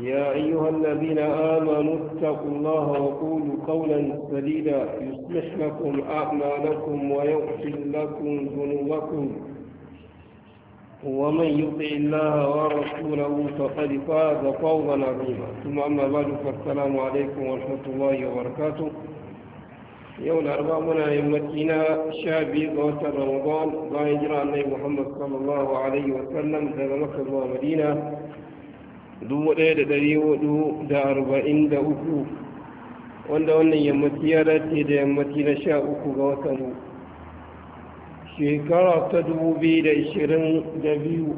يا أيها الذين آمنوا اتقوا الله وقولوا قولا سديدا يصلح لكم أعمالكم ويغفر لكم ذنوبكم ومن يطع الله ورسوله فقد فاز فوضا عظيما ثم أما بعد فالسلام عليكم ورحمة الله وبركاته يوم الأربعاء من يمتنا شابي قوة رمضان لا يجرى النبي محمد صلى الله عليه وسلم ذا مكة ومدينة 1443 ɗaya da ɗari da arba'in da uku wanda wannan yammaci ya dace da yammaci na sha uku ga watan shekara ta dubu biyu da ishirin da biyu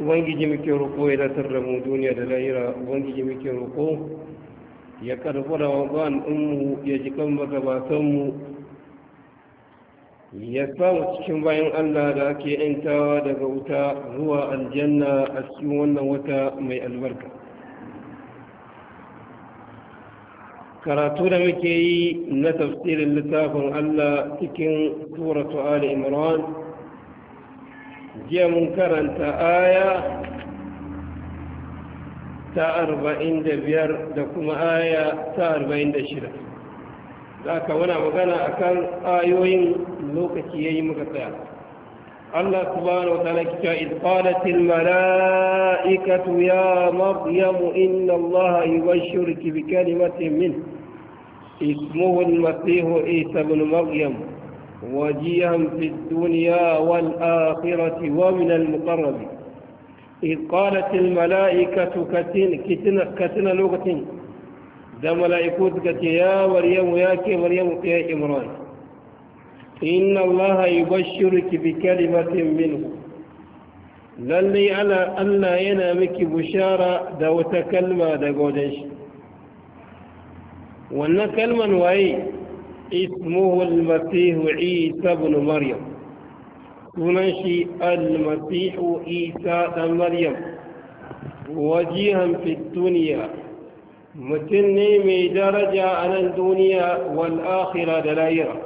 ubangiji muke roƙo ya datar da mu duniya da lahira ubangiji muke roƙo ya wa ba'an ɗinmu ya ji kan basanmu ya samu cikin bayan Allah da ake ‘yantawa daga wuta zuwa aljanna a cikin wannan wata mai albarka. Karatu da muke yi na tafsirin littafin Allah cikin Suratu Ali Imran, jiya mun karanta aya ta arba'in da biyar da kuma aya ta arba'in da shida. za ka muna magana a kan ayoyin lokaci ya yi muka tsaya Allah subhanahu wa ta'ala kita id mala'ikatu ya maryam inna Allah yubashshiruki bi kalimatin min ismuhu al-masih Isa ibn Maryam wajihan fid dunya wal akhirati wa min al-muqarrabin إذ قالت katina كتن كتن دا ملائكوت يا مريم يا كي مريم يا عمران إن الله يبشرك بكلمة منه للي على ألا ينامك بشارة ذا وتكلمة دا قودش وأن كلمة وأي اسمه المسيح عيسى بن مريم ونشي المسيح عيسى بن مريم وجيها في الدنيا mutum ne mai daraja a nan duniya wal akhira da lahira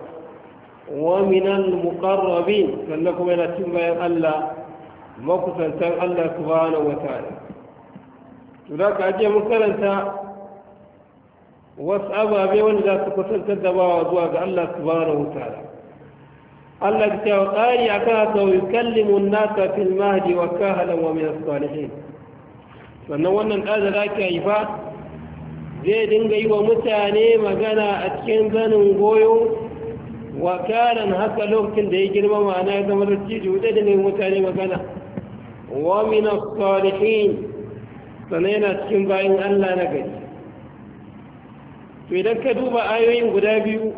wa minal muqarrabin sannan kuma yana cin bayan Allah makusantan Allah subhanahu wa ta'ala to da ka je mun karanta wasu ababe wanda za su kusantar da bawa zuwa ga Allah subhanahu wa ta'ala Allah ya yi tsari a kan haka yukallimun nasa fil mahdi wa kahalan wa min as-salihin sannan wannan ɗan da za ka yi ba zai dinga yi wa mutane magana a cikin zanin goyo wa wakaran haka lokacin da ya girma ma'ana ya zama ciji zai dinga yi mutane magana wa mina salihin yana cikin bayan Allah na gari to idan ka duba ayoyin guda biyu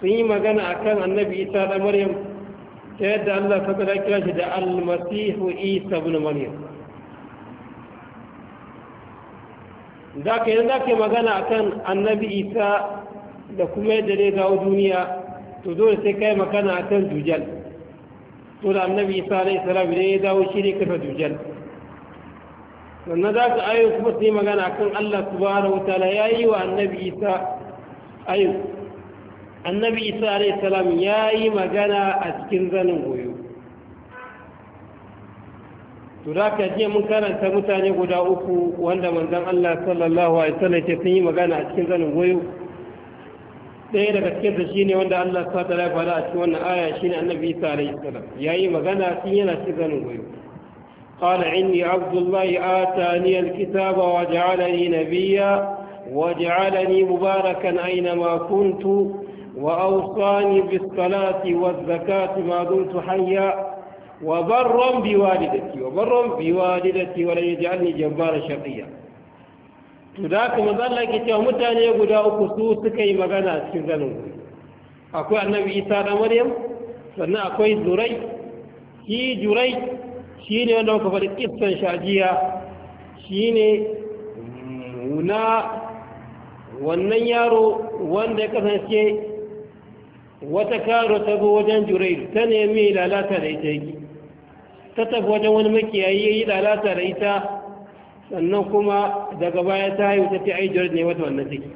sun yi magana a kan annabi Isa da Maryam ta yadda Allah ka kira shi da al-masihu Isa bin Maryam da ka yanzu ake magana akan annabi isa da kuma yadda zai dawo duniya to dole sai kai magana akan dujal to da annabi isa alaihi salam da ya dawo shi ne kafa dujal sannan za ka ayo kuma sai magana akan allah subhanahu wataala ya yi wa annabi isa ayo annabi isa alaihi salam ya yi magana a cikin zanin goyo Turaka da jiya mun karanta mutane guda uku wanda manzon Allah sallallahu alaihi wasallam ke sun yi magana a cikin zanin goyo ɗaya daga cikin shi ne wanda Allah ta ta rafa da a cikin wannan aya shi ne annabi Isa alaihi salam yayi magana sun yana cikin zanin goyo Qala inni atani alkitaba wa ja'alani nabiyya wa ja'alani mubarakan aina ma kuntu wa awsani bis salati waz zakati ma dumtu hayya. وبرا بوالدتي وبرا بوالدتي ولن يجعلني جبارا شقيا to da haka manzo Allah yake cewa mutane guda uku su suka yi magana a cikin zanin gobe akwai annabi Isa da Maryam sannan akwai Zurai shi Jurai shi ne wanda muka faɗi shajiya shi ne na wannan yaro wanda ya kasance wata karo ta zo wajen Jurai ta nemi lalata da ita yake ta tafi wajen wani makiyayi ya yi lalata da ita sannan kuma daga baya ta haihu ta fi ai ne wata wannan ciki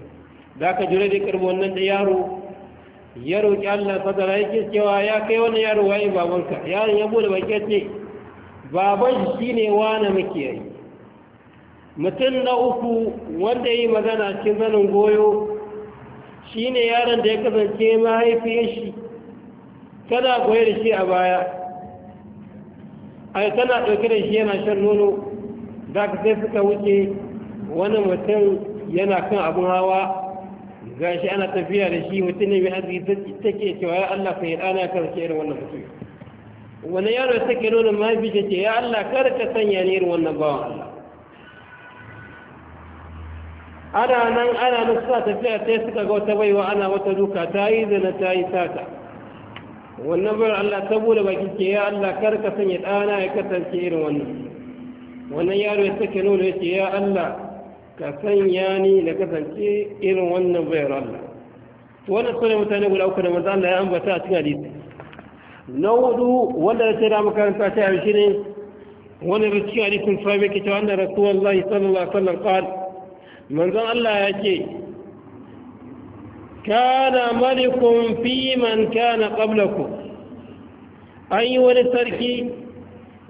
da aka jure da karbi wannan da yaro ya roƙi allah fadara yake cewa ya kai wani yaro waye babanka yaron ya bude bakin ce baban shi ne wani makiyayi mutum na uku wanda ya yi magana cikin zanen goyo shi ne yaron da ya kasance mahaifiyar shi tana goye da shi a baya ai tana ɗauke da shi yana shan nono za ka sai suka wuce wani mutum yana kan abin hawa ga shi ana tafiya da shi mutum ne mai arziki take cewa ya Allah ka yi ɗana ka irin wannan mutum wani yaro ta ke nuna mafi ce ya Allah kar ka sanya ni irin wannan bawan Allah ana nan ana nan suna tafiya sai suka ga wata baiwa ana wata duka ta yi zana ta yi sata wannan bar Allah ta bude baki ke ya Allah kar ka sanya ɗana ya kasance irin wannan wannan yaro ya sake nuna ya ce ya Allah ka sanya ni na kasance irin wannan bayar Allah to wannan sune mutane guda uku da manzo Allah ya ambata a cikin hadisi na hudu wanda ya ce da makaranta ta yi shine da cikin hadisin sai yake cewa annabi rasulullahi sallallahu alaihi wasallam qala manzo Allah ya ce kana malikun fi man kana ƙablaku an yi wani sarki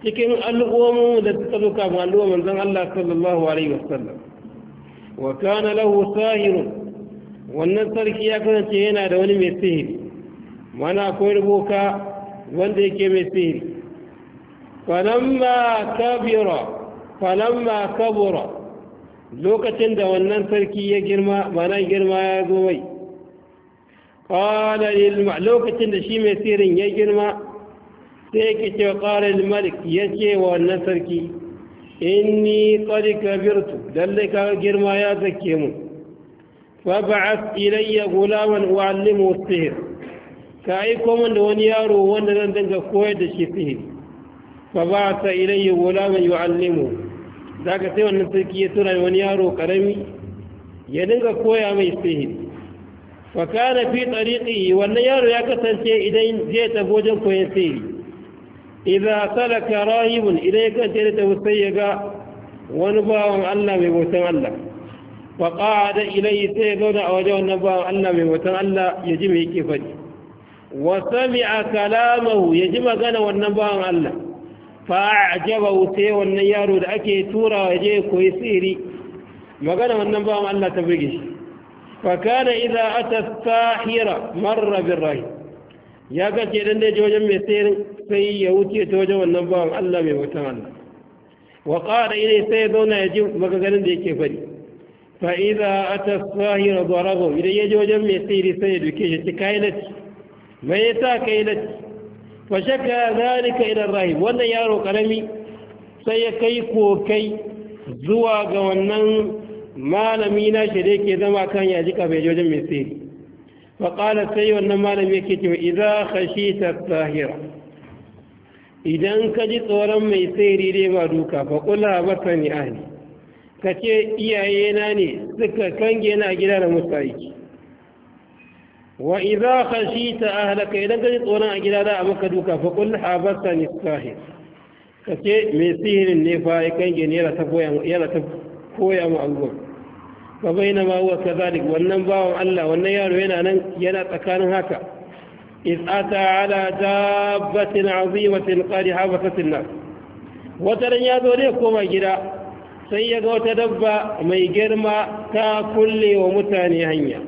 cikin al’ummu da ta zuka ba al’ummu zan Allah sallallahu Alaihi wasallam wa kana sahiru wannan sarki ya kasance yana da wani mai sihiri mana akwai ruboka wanda yake mai sihiri falamma kabira falamma kabura lokacin da wannan sarki ya girma mana girma ya zo mai ƙala ilma lokacin da shi mai sirin ya girma sai ke ce ƙala ilmalik ya ce wa wannan sarki In ni ƙari kabirtu lallai ka girma ya zake mu faba'as ilayya gulaman wa'allimu sihir ka yi min da wani yaro wanda zan dinga koyar da shi sihiri faba'asa ilayya gulaman za ka sai wannan sarki ya tura wani yaro karami ya dinga koya mai sihir وكان في طريقه والنيار يكتن شيء إذن جيت فوجا كوينسي إذا سلك راهب إليك جلت وسيقا ونباع الله بوسم الله فقعد إليه سيدون أوجه النباع الله بوسم الله يجمه وسمع كلامه يجمع قنا والنباع الله فأعجبه سي والنيار الأكي تورا وجيه ما مغنى والنباع الله تبرقش fakana idza ata sahira marra birrahi ya kace dan da je wajen mai sayar sai ya wuce ta wajen wannan bawan Allah mai wata Allah wa qala ilai sai ya zauna ya ji magagarin da yake fari fa idza ata sahira darabu idan ya je wajen mai sayar sai ya duke shi kai lati mai yasa kai lati fa shakka zalika ila rahim wannan yaro karami sai ya kai kokai zuwa ga wannan malami na shi dai ke zama kan yaji jika bai jojin mai tsiri fa qala sai wannan malami yake cewa idza khashita tahira idan ka ji tsoron mai tsiri dai ba duka fa qula batani ani kace iyaye na ne suka kange na gida da musu aiki wa idza khashita ahlaka idan ka ji tsoron a gida da maka duka fa qul habatani tahira kace mai sihirin ne fa ya kange ne yana ta koya mu abubuwan fa bainama huwa kadhalik wannan bawan Allah wannan yaro yana nan yana tsakanin haka iz ala dabbatin azimatin qad habatat nas wata ran ya zo dai koma gida sai ya ga wata dabba mai girma ta kulle wa mutane hanya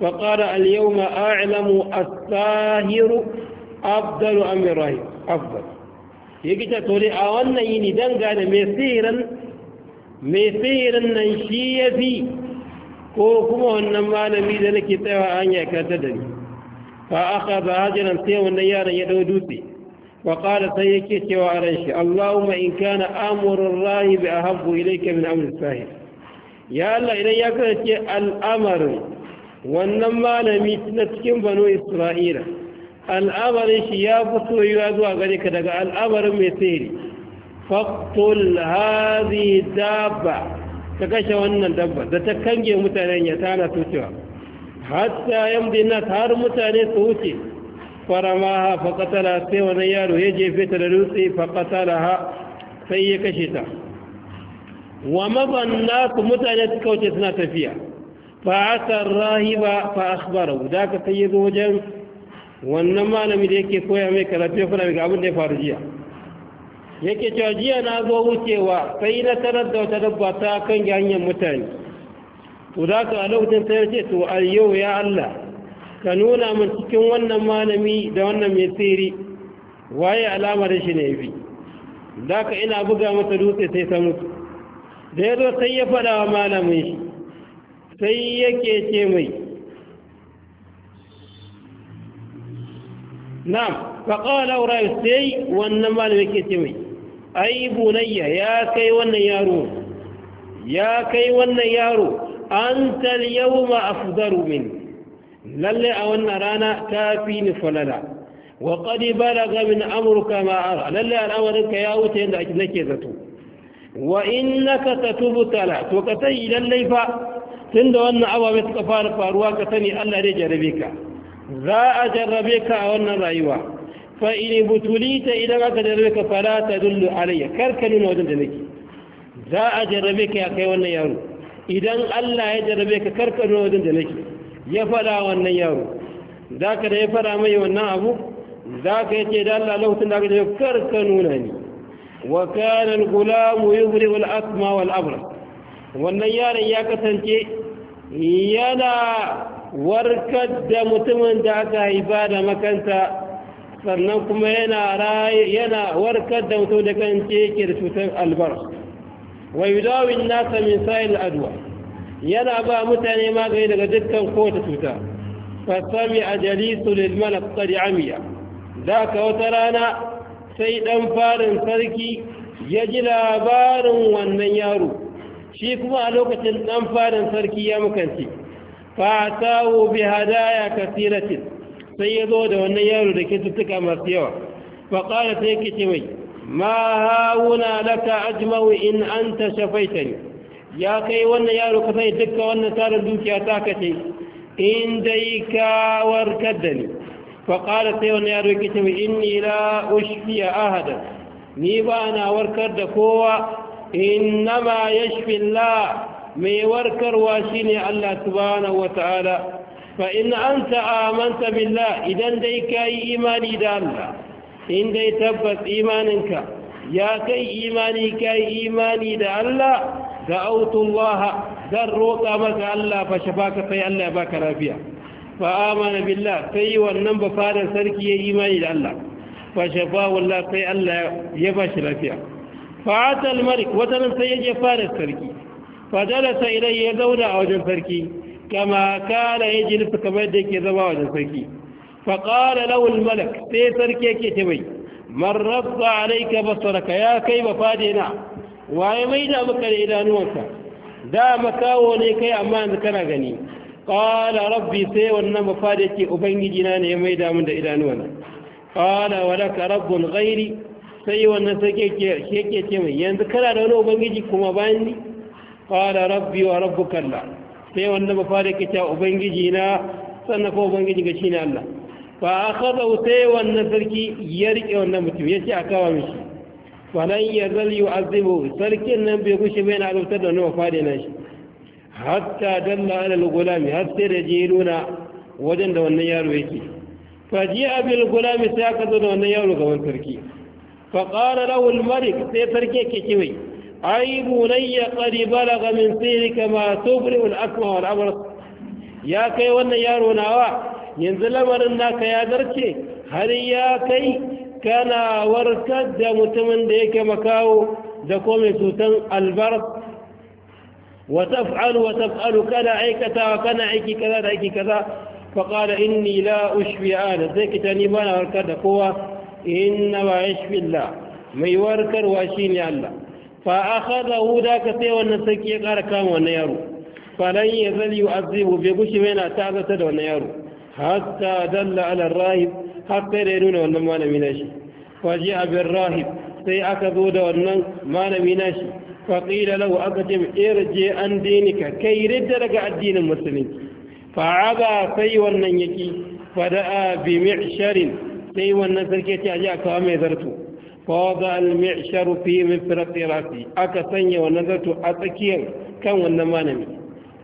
fa qala al-yawma a'lamu as-sahiru afdalu am rahib afdal yake ta a wannan yini dan gane mai sihiran mai tsirin nan shi ya fi ko kuma wannan malami da nake tsayawa an ya karta da ni fa aka ba hajjiran sai wannan yaran ya dau dutse wa ƙara sai yake cewa a ran shi Allahumma in kana amurin rahi bi ahabbu ilayka min amrin sahih ya Allah idan ya kasance al'amarin wannan malami na cikin banu Isra'ila al'amarin shi ya fi soyuwa zuwa gare ka daga al'amarin mai tsiri faƙtul hazi dabba ta kashe wannan dabba da ta kange mutanen ya tana tucewa hatta yamdi nas har mutane su wuce farama ha faqatala sai wani yaro ya jefe ta da dutse ha sai ya kashe ta wa mabanna ku mutane su kauce suna tafiya fa asar rahiba fa akhbara da ka sai ya zo wajen wannan malami da yake koya mai karatu ya fara ga abin da ya faru jiya yake cewa jiya na zo wucewa sai na tarar da wata dabba ta kan hanyar mutane Ku za ka a lokacin sai ce to a yau ya Allah ka nuna min cikin wannan malami da wannan mai tsiri waye alamar shi ne bi za ka ina buga masa dutse sai ta mutu da ya zo sai ya faɗa wa malamin shi sai yake ce mai na faƙawa laura sai wannan malamin yake ce mai ai bunayya ya kai wannan yaro ya kai wannan yaro an talyau ma afdaru min lalle a wannan rana ta fi ni falala wa qad balaga min amruka ma ara lalle al'amarinka ya wuce yadda nake zato wa innaka tatubtala to ka sai lalle fa tunda wannan ababe suka fara faruwa ka sani Allah zai jarrabe ka za a jarrabe ka a wannan rayuwa fa in butulita idan aka jarrabe ka fala ta dullu alayya kar ka nuna wajen da nake za a jarrabe ka ya kai wannan yaro idan Allah ya jarrabe ka kar ka nuna wajen da nake ya fada wannan yaro za ka da ya fada mai wannan abu za ka yace da Allah lokacin da aka jarrabe kar ka nuna ni wa kana al-gulamu yubri wal asma wal abra wannan yaron ya kasance yana warkar da mutumin da aka haifa da makanta sannan kuma yana raye yana warkar da mutum da kan da cutar albar wa yudawin nasa min sa'il adwa yana ba mutane magani daga dukkan kowace cuta fasami a jalisu lil malak qad amiya da ka wata rana sai dan farin sarki ya ji labarin wannan yaro shi kuma a lokacin dan farin sarki ya mukanci fa tawo bi hadaya kasiratin sai ya zo da wannan yaro da cututtuka masu yawa faƙara ta yake ce mai ma hauna laka ajma'u in an ta shafaita ne ya kai wannan yaro ka sai dukkan wannan tarin dukiya ta kace in dai ka warkar da ni faƙara sai wannan yaro yake ce mai in inni la ushfiya ahada ni ba na warkar da kowa In innama yashfi Allah mai warkarwa shine Allah subhanahu wataala فإن أنت آمنت بالله إذا ديك إيماني دامنا إن دي تبت إيمانك يا كي إيماني كي إيماني دا الله دعوت الله ذروك أمك الله فشفاك في الله باك رافيا فآمن بالله في والنبى فارا سركي إيماني دا الله فشفاه الله في الله يباش رافيا فعات الملك وتنسى يجي فارا سركي فجلس إليه يدون أوجه سركي kama kana ya jilisa kamar da yake zama wajen sarki faƙara lawul malak sai sarki yake ta mai marrabta alaika basaraka ya kai ba fade na waye mai da da idanuwanka da makawo ne kai amma yanzu kana gani ƙala rabbi sai wannan ba fade yake ubangiji na ne ya mai da da idanuwana ƙala walaka rabbun sai wannan sai ke ce mai yanzu kana da wani ubangiji kuma bayan ni ƙala rabbi wa rabbuka Allah sai wannan ba fara ke ta ubangiji na sannan ko ubangiji ga shine Allah fa akhadha sai wannan sarki ya rike wannan mutum ya ce a kawo mishi Ba nan ya wa azibu sarkin nan bai gushi bai na alutar da wani fara na shi hatta dalla ala al-gulami har sai da nuna wajen da wannan yaro yake fa ji abil gulami sai aka zo da wannan yaro gaban sarki fa qala lahu al-malik sai sarki yake mai. ai bunayya qad balaga min sirika ma tubri'u al-akma wal abras ya kai wannan yaro nawa yanzu lamarin naka ya zarce har ya kai kana warkar da mutumin da yake makawo da kome cutan albar wa taf'alu wa taf'alu kana aikata wa kana aiki kaza da aiki kaza fa qala inni la ushfi ana sai kita ni bana warkar da kowa inna ma yashfi Allah mai warkarwa shine Allah fa akhadahu da ka sai wannan sarki ya kara kama wannan yaro falan ya zali yu'azzibu bai gushi ba yana tazata da wannan yaro hatta dalla ala rahib har da ya nuna wannan malami na shi fa ji abin rahib sai aka zo da wannan malami na shi fa qila lahu aka ce irje an dinika kai ridda daga addinin musulunci fa aga sai wannan yaki fa da'a bi mi'sharin sai wannan sarki ya ce aje a kawo mai zarto fada al-mi'sharu fi mifrat rasi aka sanya wannan zato a tsakiyar kan wannan malami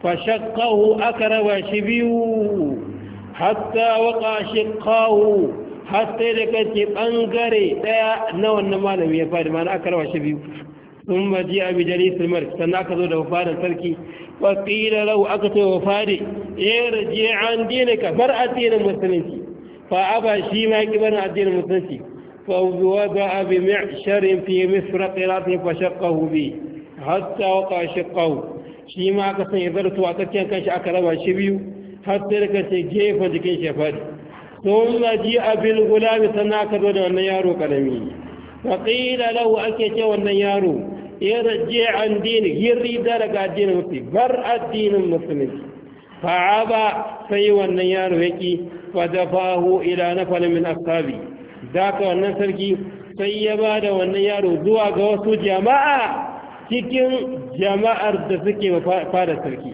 fa shaqahu akara wa shibiu hatta waqa shaqahu hatta da kace bangare daya na wannan malami ya fadi mana aka rawa shi biyu sun ba ji abi jari sulmar sannan aka zo da wafa sarki wa qila law aka ce wafa da ya raji an dinaka bar addinin musulunci fa aba shi ma ki bar addinin musulunci فوضع بمعشر في مصر قراته فشقه به حتى وقع شقه shi ma aka sanya zartuwa tsakiyar kanshi aka raba shi biyu har sai da kace gefe jikin shi fadi sun zaji abin gulami sannan aka zo da wannan yaro karami wa qila lahu ake ce wannan yaro irji an dini yiri da daga addinin musulmi bar addinin musulmi fa aba sai wannan yaro yaki fa dafahu ila nafal min ashabi da wannan sarki sai ya ba da wannan yaro zuwa ga wasu jama'a cikin jama'ar da suke fada sarki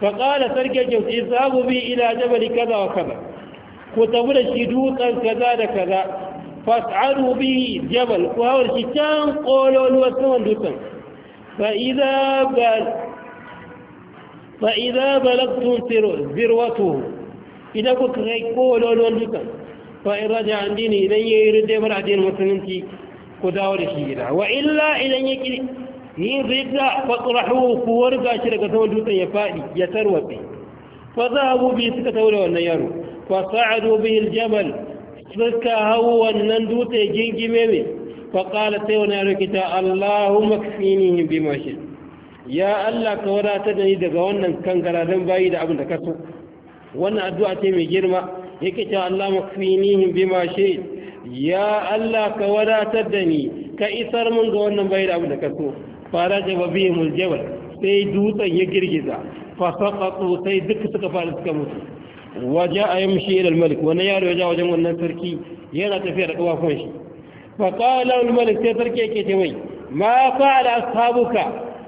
faƙala sarki yau isabu bi ila jabali kaza wa kaza ku tafi da shi dutsen kaza da kaza fas'aru bi jabal ku hawar shi can ƙololuwar saman dutsen fa'iza balagtun zirwatu idan kuka kai ƙololuwar dutsen fa in raja an dini idan ya yi ridda bar addinin musulunci ku dawo da shi gida wa illa idan ya ki yin ridda fa ku warga shi daga saman dutsen ya faɗi ya tarwatse fa zahabu bi suka taura wannan yaro fa sa'adu bihi aljamal suka hau wannan dutse gingime mai fa qala sai wani yaro kita allahumma kfinihim bima mashin!" ya Allah ka wadatar da ni daga wannan kangararin bayi da abin da ka so wannan addu'a ce mai girma yake cewa Allah makfinihim bima shi ya Allah ka wadatar da ni ka isar mun ga wannan bai da abu da kaso fara jaba bihi jabal sai dutsen ya girgiza fa saqatu sai duk suka fara suka mutu waja ayamshi ila almalik Wani yaro ya ja wajen wannan sarki yana tafiya da kafafun shi fa qala almalik sai sarki yake ce mai ma fa'ala ashabuka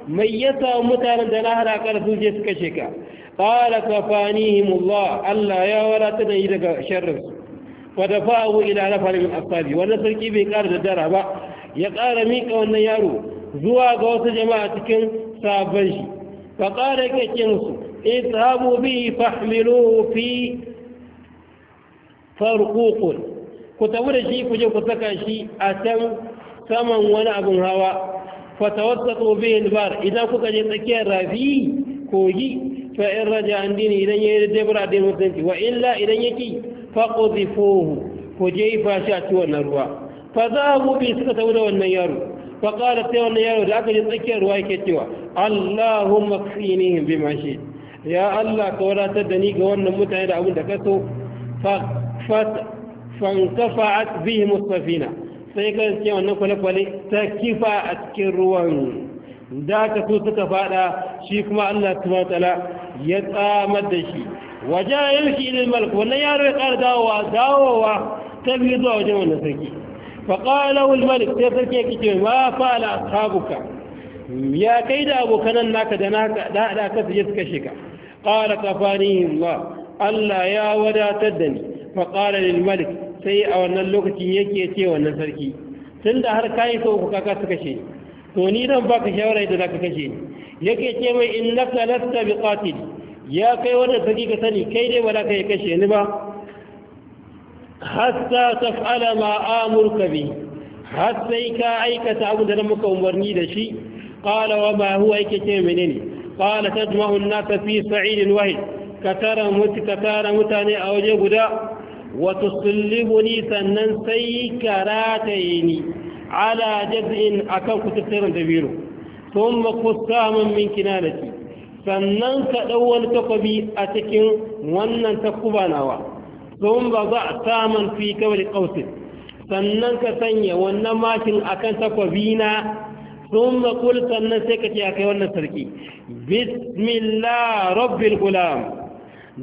mai yasa mutanen da na hada da su je suka sheka قال كفانيهم الله الا يا ولا تدعي دغ شرس ودفعه الى نفر من اصحابي وانا سركي بي قال ده درا با يا قال ميك wannan yaro zuwa ga wasu jama'a cikin sabon shi fa qala kake musu ithabu bihi fahmiluhu fi farquq ku tawura shi ku je ku saka shi a can saman wani abin hawa fa tawassatu bihi albar idan kuka je tsakiyar rafi kogi fa in raja an dini idan ya yi dabara da musulunci wa illa idan ya ki faƙuzifohu ko yi shi a ci wannan ruwa fa za a gobe suka tafi da wannan yaro fa ƙara sai wannan yaro da aka ji tsakiyar ruwa yake cewa allahumma kfinihim bima shi ya allah ka wadatar da ni ga wannan mutane da abin da ka so fankafa'at bihim Mustafina. sai ka ce wannan kwale-kwale ta kifa a cikin ruwan da aka so suka fada shi kuma Allah subhanahu matsala. ya tsamar da shi waje yanki ilil malik wannan yaro ya ƙara dawowa dawowa ta biyu zuwa wajen wannan sarki fa qala malik sai sarki ya kice ma fa'ala ashabuka ya kai da abokanan naka da naka da da ka je suka shika qala kafani wa Allah ya wadatar da ni fa qala malik sai a wannan lokacin yake ce wannan sarki tunda har kai so ku ka suka shi to ni dan baka shawara da zaka kashe ni yake ce mai innaka lasta biqatil ya kai wanda saki ka sani kai dai ba za ka yi kashe ni ba hatta taf'ala ma amurka bi har sai ka aikata abu da muka umarni da shi qala wa ma huwa yake ce menene qala tajma'u an-nasa fi sa'idin wahid ka tara ka tara mutane a waje guda wa tusallibuni sannan sai ka rataye ni ala jaz'in akan kututturen dabino thumma qusaman min kinanati sannan ka dau wani takobi a cikin wannan takuba nawa thumma za saman fi kawli qausin sannan ka sanya wannan makin akan takobi na thumma qul sannan sai ka ce kai wannan sarki bismillah rabbil gulam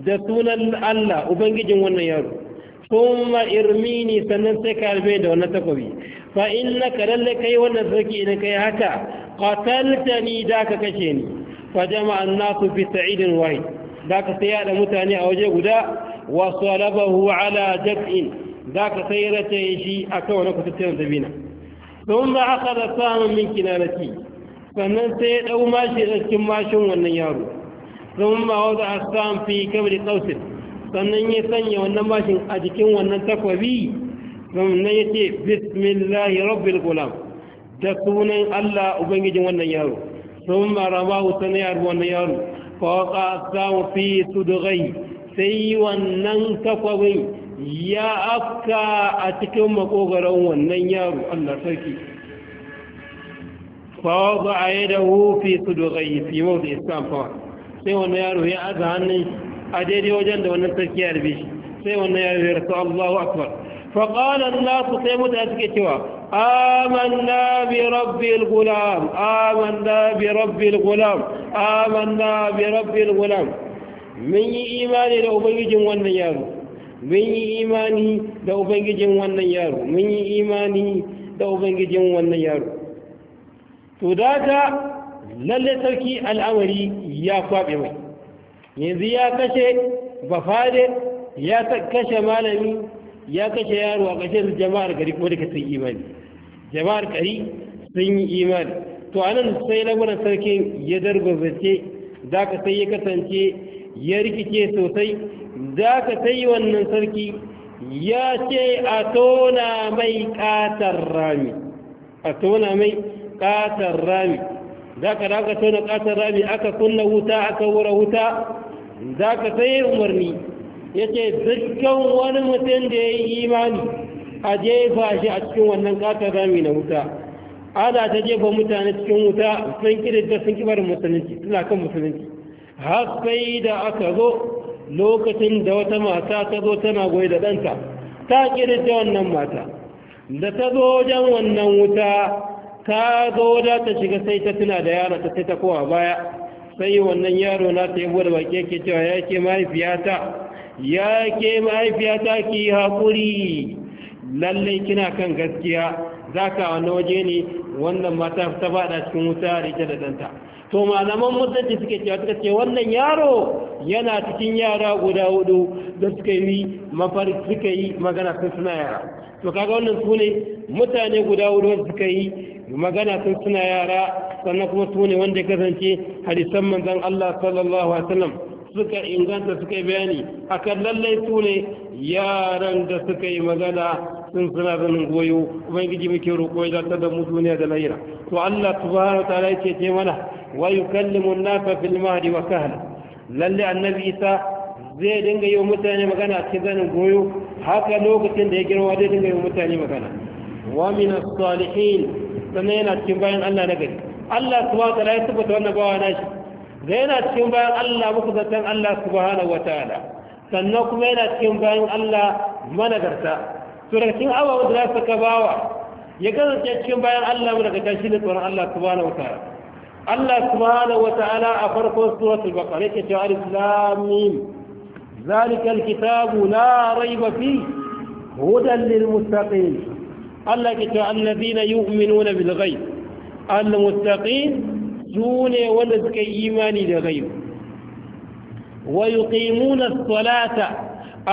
da sunan Allah ubangijin wannan yaro kuma ne sannan sai ka harbe da wannan takobi fa inna ka lalle kai wannan sarki idan kai haka qatalta ni da ka kashe ni fa jama'a an-nasu fi sa'idin wahid da ka sai da mutane a waje guda wa salabahu ala jab'in da ka sai race shi akan wani kutattun zabina thumma akhadha samun min kinanati sannan sai ya dau mashi cikin mashin wannan yaro thumma wada asam fi kabri qausin sannan ya sanya wannan bashin a jikin wannan takwabi sannan ya ce bismillahi rabbil gulam da sunan Allah ubangijin wannan yaro sun marama wutan yaro wannan yaro fawaka samu fi su dugai sai wannan takwabin ya afka a cikin makogaron wannan yaro Allah sarki fawaka a yi da hufi su dugai fi mawuta islam fawa sai wannan yaro ya aza hannun a daidai wajen da wannan sarki ya rabe shi sai wannan ya rabe rasu Allahu akbar fa qala an-nasu sai mutane suke cewa amanna bi rabbil gulam amanna bi rabbil gulam amanna bi rabbil gulam mun yi imani da ubangijin wannan yaro mun yi imani da ubangijin wannan yaro mun yi imani da ubangijin wannan yaro to da ta lalle sarki al'amari ya kwabe mai yanzu ya kashe bafade ya kashe malami ya kashe yaro a kashe su jama'ar gari kuma duka sun imani jama'ar gari sun yi imani to anan sai lamuran Sarki ya dargwazace za ka sai ya kasance ya rikice sosai za ka sai wannan sarki ya ce a tona mai katar rami a tona mai katar rami za ka aka tona katar rami aka kunna wuta aka wura wuta za ka sai umarni ya ce dukkan wani mutum da ya yi imani a jefa shi a cikin wannan ƙatar rami na wuta ana ta jefa mutane cikin wuta sun kirista sun kibar musulunci suna kan musulunci har sai da aka zo lokacin da wata mata ta zo tana goyi da ɗanta ta kirista wannan mata da ta zo wajen wannan wuta ta zo da ta shiga sai ta tuna da yara ta sai ta kowa baya sai wannan yaro na ta yabo da baki yake cewa ya ke mahaifiyata ya ke mahaifiyata ki haƙuri lallai kina kan gaskiya za ka wani waje ne wannan mata ta faɗa cikin wuta da ita da ɗanta to malaman musulunci suke cewa suka ce wannan yaro yana cikin yara guda hudu da suka yi mafarki suka yi magana sun suna yara to kaga wannan su mutane guda wuri wasu suka yi magana sun suna yara sannan kuma su ne wanda ya kasance hadisan manzan Allah sallallahu alaihi wasallam suka inganta suka yi bayani akan lallai su ne yaran da suka yi magana sun suna zanen goyo ubangiji muke roƙo ya zata da mu duniya da lahira to Allah subhanahu ta'ala yake ce mana wa yukallimu an-nasa fil mahdi wa kahla lalle annabi isa zai dinga yi wa mutane magana a cikin zanen goyo haka lokacin da ya girma zai dinga yi wa mutane magana wa min as-salihin sannan yana cikin bayan Allah na gari Allah subhanahu wataala ya tabbata wannan bawa na shi zai yana cikin bayan Allah muku zantan Allah subhanahu wataala sannan kuma yana cikin bayan Allah managarta to daga cikin abawa da za su ka bawa ya kasance cikin bayan Allah daga shi ne tsoron Allah subhanahu wataala Allah subhanahu wataala a farkon suratul baqara yake cewa alif lam mim ذلك الكتاب لا ريب فيه هدى للمتقين اللك الذين يؤمنون بالغيب المتقين سوني ولدك إيماني لغيب ويقيمون الصلاة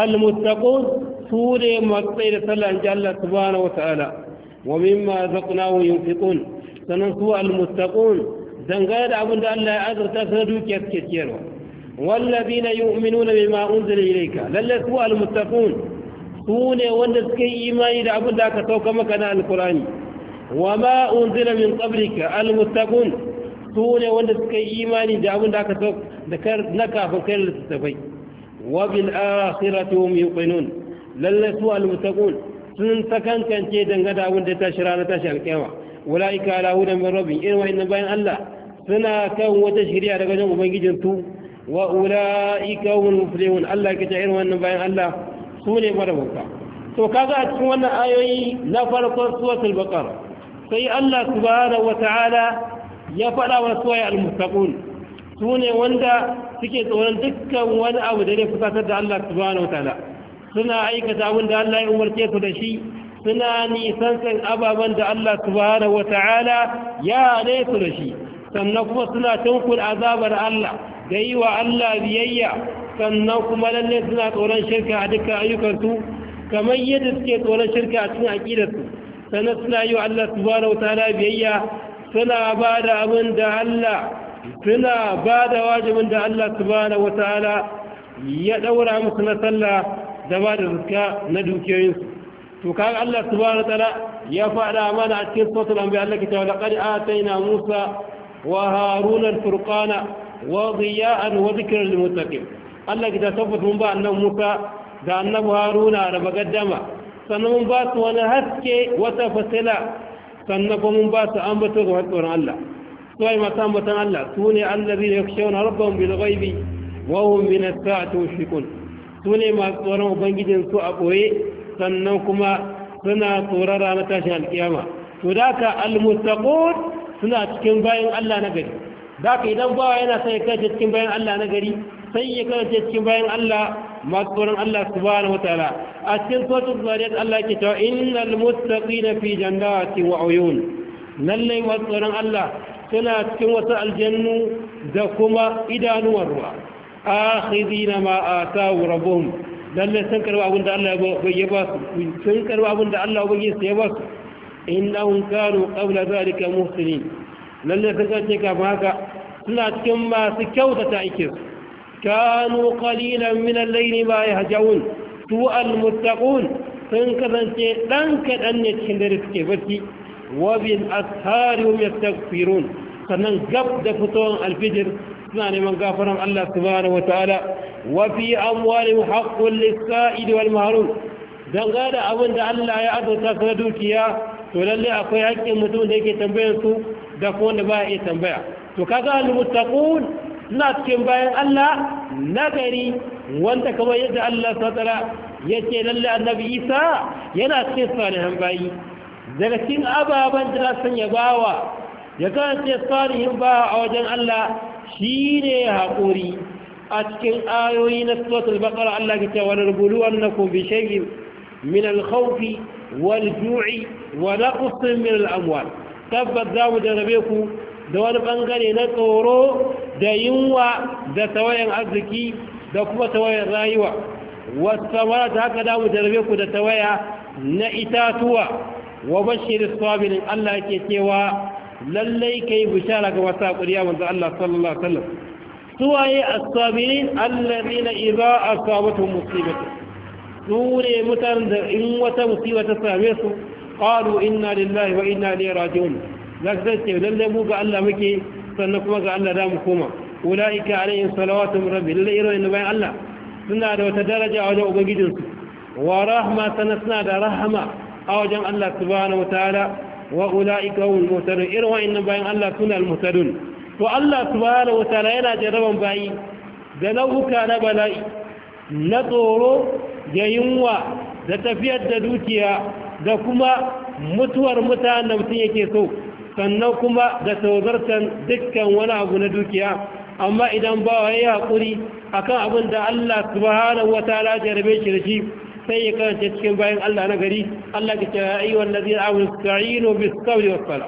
المتقون سوني مقصير صلى الله جل سبحانه وتعالى ومما ذقناه ينفقون سننسوا المتقون دنغير عبد الله عزر تسردو كيف كتيروا wallazina yu'minuna bima unzila ilayka lalla huwa almuttaqun sune wanda suke imani da abin da aka sauka maka na alqur'ani wama unzila min qablika almuttaqun sune wanda suke imani da abin da aka sauka na kafin kai da tafai wa bil akhirati hum yuqinun lalla huwa almuttaqun sun takankance danga da abin da ta shira na tashi alkiyama ulaika ala hudan min rabbihim in wa inna bayan allah suna kan wata shari'a daga wajen ubangijin tu wa ula'ika hun muflihun Allah ke ta irin wannan bayan Allah su ne marabauta to kaga a cikin wannan ayoyi na farkon suwatul baqara sai Allah subhanahu wata'ala ya faɗa wa suwaye al-mustaqun su ne wanda suke tsoron dukkan wani abu da zai fusatar da Allah subhanahu wata'ala suna aikata abin da Allah ya umarce su da shi suna nisansan ababen da Allah subhanahu wata'ala ya ne su da shi sannan kuma suna tunkul azabar Allah da yi wa Allah biyayya sannan kuma lalle suna tsoron shirka a duka ayyukansu kamar yadda suke tsoron shirka a cikin aƙidarsu sannan suna yi wa Allah subhanahu wata ta'ala biyayya suna ba da abin da Allah suna ba da wajibin da Allah subhanahu ya daura musu na sallah da ba da zakka na dukiyoyinsu to kaga Allah subhanahu wa ta'ala ya faɗa mana a cikin suratul anbiya Allah kitabu laqad atayna Musa wa Haruna al وضياء وذكر للمتقين Allah ki ta tabbata mun ba annabi Musa da annabi Haruna da bagaddama sannan mun ba su wani haske wata fasila sannan kuma mun ba su ambato ga tsoron Allah su ai mata ambatan Allah su ne ya ne yakshawna rabbahum bil ghaibi wa hum min as-sa'ati mushrikun su ne masu tsoron ubangijin su a ɓoye sannan kuma suna tsoron ranar tashin alkiyama to da ka al-muttaqun suna cikin bayan Allah na gari da ka idan bawa yana sai ya kasance cikin bayan Allah na gari sai ya kasance cikin bayan Allah masu tsoron Allah subhanahu wataala a cikin suratul zariyat Allah ke cewa innal muttaqina fi jannati wa uyun lallai masu tsoron Allah suna cikin wasu aljannu da kuma idanuwar ruwa akhidina ma atawu rabbuhum Lallai sun karba abin da Allah ya ba su sun karba abin da Allah ya ba su innahum kanu qabla zalika muhsinin lalle sun kace kafin haka suna cikin masu kyautata aikin kanu qalilan min al-layli ma yahjaun tu al-muttaqun sun kasance dan kadan ne cikin dare suke barci wa bil ashari hum yastaghfirun sannan gab da fitowar alfijir suna neman gafaran Allah subhanahu wataala wa fi amwalihim haqqun lis-sa'id wal mahrum dan gada abin da Allah ya azurta su dukiya to lalle akwai haƙƙin mutum da yake tambayar su da ko wanda ba iya tambaya to kaga al-muttaqun na cikin bayan Allah nagari wanda kamar yadda Allah satara yake lalle annabi Isa yana cikin salihan bayi daga cikin ababen da na sanya bawa ya kasance salihin ba a wajen Allah shine haƙuri a cikin ayoyi na suratul baqara Allah ke cewa narbulu annakum bi shay'in min al-khawfi wal-ju'i wa naqsin min al-amwal tabbas za mu jarrabe ku da wani bangare na tsoro da yunwa da tawayen arziki da kuma tawayen rayuwa wasu ta haka za mu jarrabe ku da tawaya na itatuwa wa bashirin sabirin Allah ke cewa lallai ka yi bishara ga wata ƙuriya manzo Allah sallallahu alaihi wasallam suwaye as-sabirin allazina a asabatuhum musibatu sune mutan da in wata musiba ta same su qalu inna lillahi wa inna ilaihi raji'un zaka sace lalle mu ga Allah muke sannan kuma ga Allah zamu koma ulaika alaihim salawatu min rabbihim lalle irin bayan Allah suna da wata daraja a wajen ubangijinsu wa rahma sana suna da rahama a wajen Allah subhanahu wataala wa ulaika hum muhtadun irin wa'annan bayan Allah suna al-muhtadun to Allah subhanahu wataala yana jarraban bayi da nau'uka na bala'i na tsoro da yunwa da tafiyar da dukiya da kuma mutuwar mutanen da mutum yake so sannan kuma da tozartan dukkan wani abu na dukiya amma idan wa ya haƙuri akan abin da Allah subhanahu wata ta'ala ya rabe shi da shi sai ya karanta cikin bayan Allah na gari Allah ke cewa ayi wallazi amanu sta'inu bis sabri was sala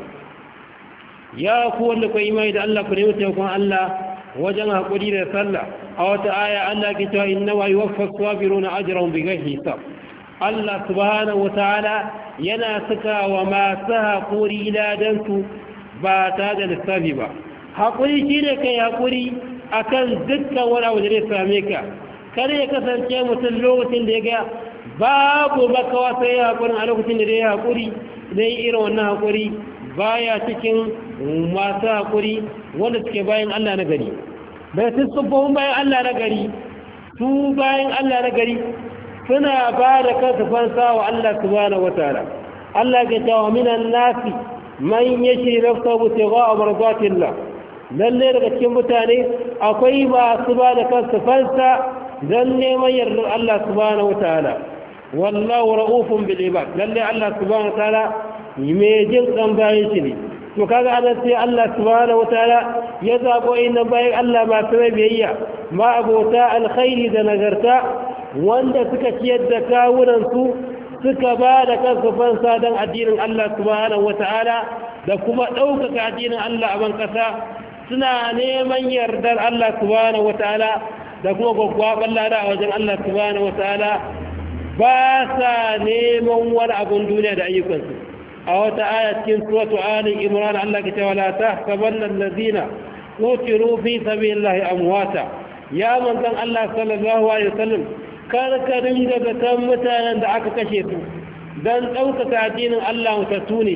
ya ku wanda ku imani da Allah ku nemi taimakon Allah wajen haƙuri da sallah a wata aya Allah ke cewa inna wa yuwaffa as-sabiruna ajrahum bighayri hisab Allah subhanahu wataala yana saka wa masu haƙuri ladansu ba ta da lissafi ba haƙuri shi ne kai haƙuri a kan dukkan wani abu da zai same ka kar ya kasance mutum lokacin da ya ga babu makawa sai ya haƙuri a lokacin da ya haƙuri zai irin wannan haƙuri baya cikin masu haƙuri wanda suke bayan Allah na gari bai sun bayan Allah na gari su bayan Allah na gari suna ba da kansu fansa wa Allah subhanahu wataala Allah ke cewa minan nasi man yashi a tigha'a mardatillah lalle daga cikin mutane akwai masu ba da kansu fansa dan neman yardar Allah subhanahu wataala wallahu ra'ufun bil ibad lalle Allah subhanahu wataala mai jin kan bayan shi ne to kaga an sai Allah subhanahu wataala ya zabo inna bayan Allah masu biyayya ma abota alkhairi da nagarta wanda suka ciyar da kawunansu suka ba da kansu fansa don addinin Allah subhanahu wata'ala da kuma ɗaukaka addinin Allah a ban ƙasa suna neman yardar Allah subhanahu wata'ala da kuma gwaggwaɓar lada a wajen Allah subhanahu wata'ala ba sa neman wani abin duniya da ayyukansu a wata aya cikin suratu ali imran Allah ke cewa la tahsabanna allazina qutilu fi sabilillahi amwata ya manzon Allah sallallahu alaihi wasallam karka dinga kan mutanen da aka kashe su don ɗaukaka addinin Allah mutattu ne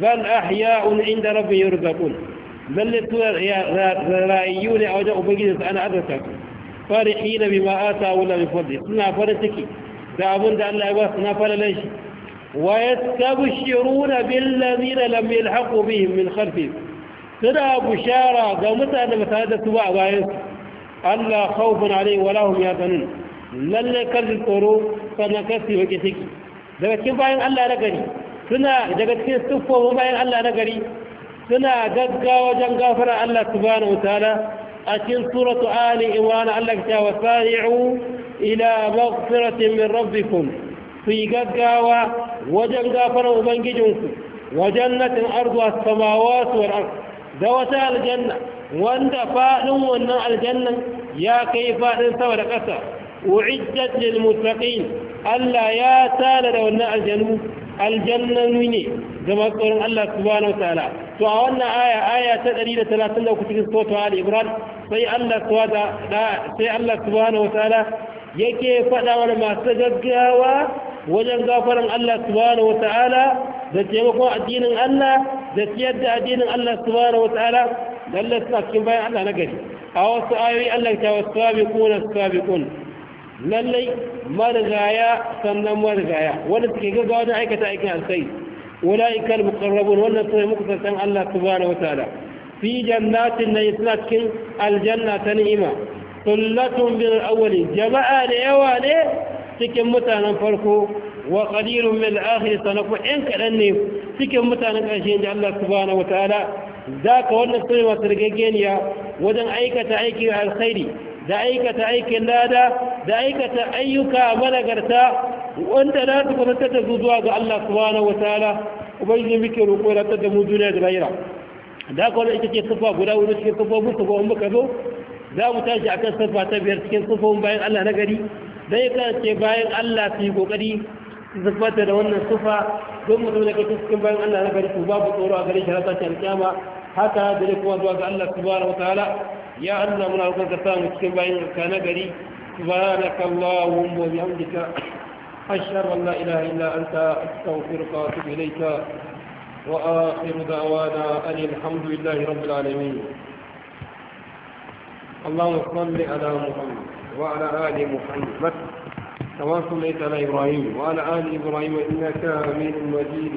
bal ahya'un inda rabbi yurzaqun lalle su ra'ayyu ne a wajen ubangiji su ana azarta su farihina bima ata wala bi fadli suna farin ciki da abin da Allah ya ba su na falalan shi wa yastabshiruna bil ladina lam yalhaqu bihim min khalfihim suna bushara ga mutanen da ba su ba a bayan su Allah khawfun alaihim wala hum yahzanun lallai kalbin tsoro sannan kar su yi daga cikin bayan Allah na gari suna daga cikin siffofin bayan Allah na gari suna gaggawa wajen gafara Allah subhanahu wataala a cikin suratu ali imran Allah ya ce wa sari'u ila maghfiratin min rabbikum su yi gaggawa wajen gafara ubangijinku wa jannatin arduha samawati wal ard da wata aljanna wanda fadin wannan aljannan ya kai fadin sama da ƙasa uiddat lil Allah ya tana da wannan aljanu aljannanu ne ga matsoron Allah to a wannan aya aya ta ɗari cikin sura al-Imran sai Allah subhanahu wataala Allah subhanahu wataala yake faɗa masu gaggawa wajen gafaran Allah da taimakon addinin Allah da ciyar da addinin Allah subhanahu wataala lalle suna cikin bayan Allah na gari a wasu ayoyi Allah ta wasu lallai marigaya sannan marigaya wanda suke gaza wajen aikata aikin alkai ulaika almuqarrabun wannan sune san Allah subhanahu wataala fi jannatin nayi suna cikin aljanna ta ni'ima sullatun bil awwali jama'a da yawa ne cikin mutanen farko wa qalilun min al-akhir sanaku in kadan ne cikin mutanen karshe da Allah subhanahu wataala zaka wannan sune masu rigegeniya wajen aikata aikin alkhairi da aikata aikin lada da aikata ayyuka managarta wanda za su kusantar da zuwa ga Allah subhanahu wa ta'ala ubangiji muke roƙo da ta mu duniya da lahira da ka wani ita ce sufa guda wani cikin sufofin su kuma muka zo za mu tashi akan sufa ta biyar cikin sufofin bayan Allah na gari dai ka ce bayan Allah su yi kokari zubar da wannan sufa don mu zo daga cikin bayan Allah na gari su babu tsoro a gare shi rasa ta alƙiyama haka da kuma zuwa ga Allah subhanahu wataala ya Allah muna roƙon ka samu cikin bayin ka na gari subhanaka allahumma wa bihamdika ashhadu an la ilaha illa anta astaghfiruka wa atubu ilayka wa akhiru da'wana alhamdulillahi rabbil alamin اللهم صل على محمد وعلى آل محمد كما صليت على إبراهيم وعلى آل إبراهيم إنك حميد مجيد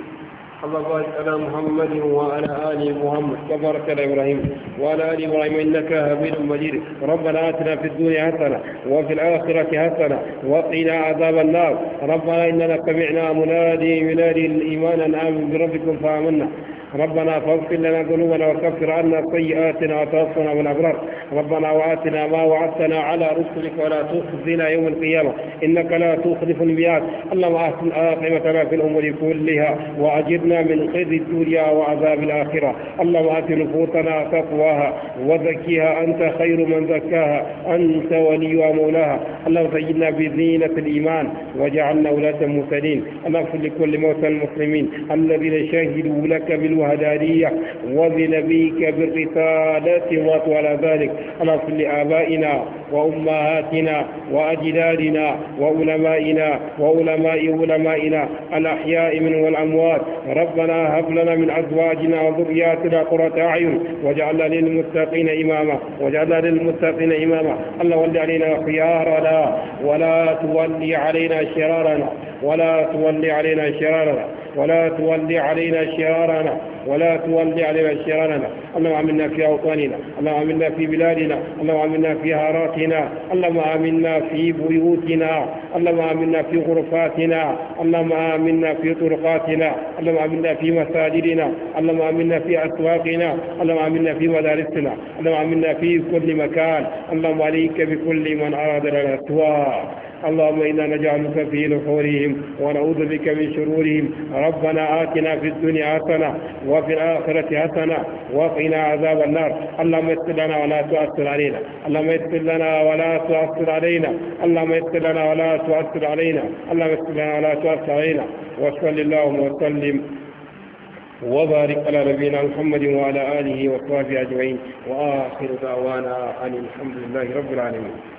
اللهم بارك على محمد وعلى ال محمد تبارك على ابراهيم وعلى ال ابراهيم انك حميد مجيد ربنا اتنا في الدنيا حسنه وفي الاخره حسنه وقنا عذاب النار ربنا اننا سمعنا منادي ينادي الايمان ان امن بربكم فامنا ربنا فاغفر لنا ذنوبنا وكفر عنا سيئاتنا وتوفنا بالابرار ربنا وآتنا ما وعدتنا على رسلك ولا تخزنا يوم القيامة إنك لا تخلف الميعاد اللهم أحسن عاقبتنا في الأمور كلها وأجرنا من خزي الدنيا وعذاب الآخرة اللهم آت نفوسنا تقواها وزكيها أنت خير من زكاها أنت ولي مولاها اللهم زينا بزينة الإيمان وجعلنا ولاة المرسلين اللهم اغفر لكل موتى المسلمين الذين شهدوا لك بالوحيد الوهدانية وبنبيك بالرسالة وماتوا على ذلك اللهم صل لآبائنا وأمهاتنا وأجدادنا وعلمائنا وعلماء علمائنا الأحياء من والأموات ربنا هب لنا من أزواجنا وذرياتنا قرة أعين واجعلنا للمتقين إماما واجعلنا للمتقين إماما الله ول علينا خيارنا ولا تولي علينا شرارنا ولا تولي علينا شرارنا ولا تولي علينا شرارنا ولا تولي علينا شراننا اللهم عملنا في أوطاننا اللهم عملنا في بلادنا اللهم عملنا في هاراتنا اللهم عملنا في بيوتنا اللهم عملنا في غرفاتنا اللهم عملنا في طرقاتنا اللهم عملنا في مساجدنا اللهم عملنا في أسواقنا اللهم عملنا في مدارسنا اللهم عملنا في كل مكان اللهم عليك بكل من أراد لنا سواء اللهم إنا نجعلك في نحورهم ونعوذ بك من شرورهم ربنا آتنا في الدنيا حسنة وفي الآخرة حسنة وقنا عذاب النار اللهم يسر لنا ولا تؤثر علينا اللهم يسر لنا ولا تؤثر علينا اللهم يسر لنا ولا تؤثر علينا اللهم يسر لنا ولا تؤثر علينا وصل اللهم وسلم وبارك على نبينا محمد وعلى آله وصحبه أجمعين وآخر دعوانا أن الحمد لله رب العالمين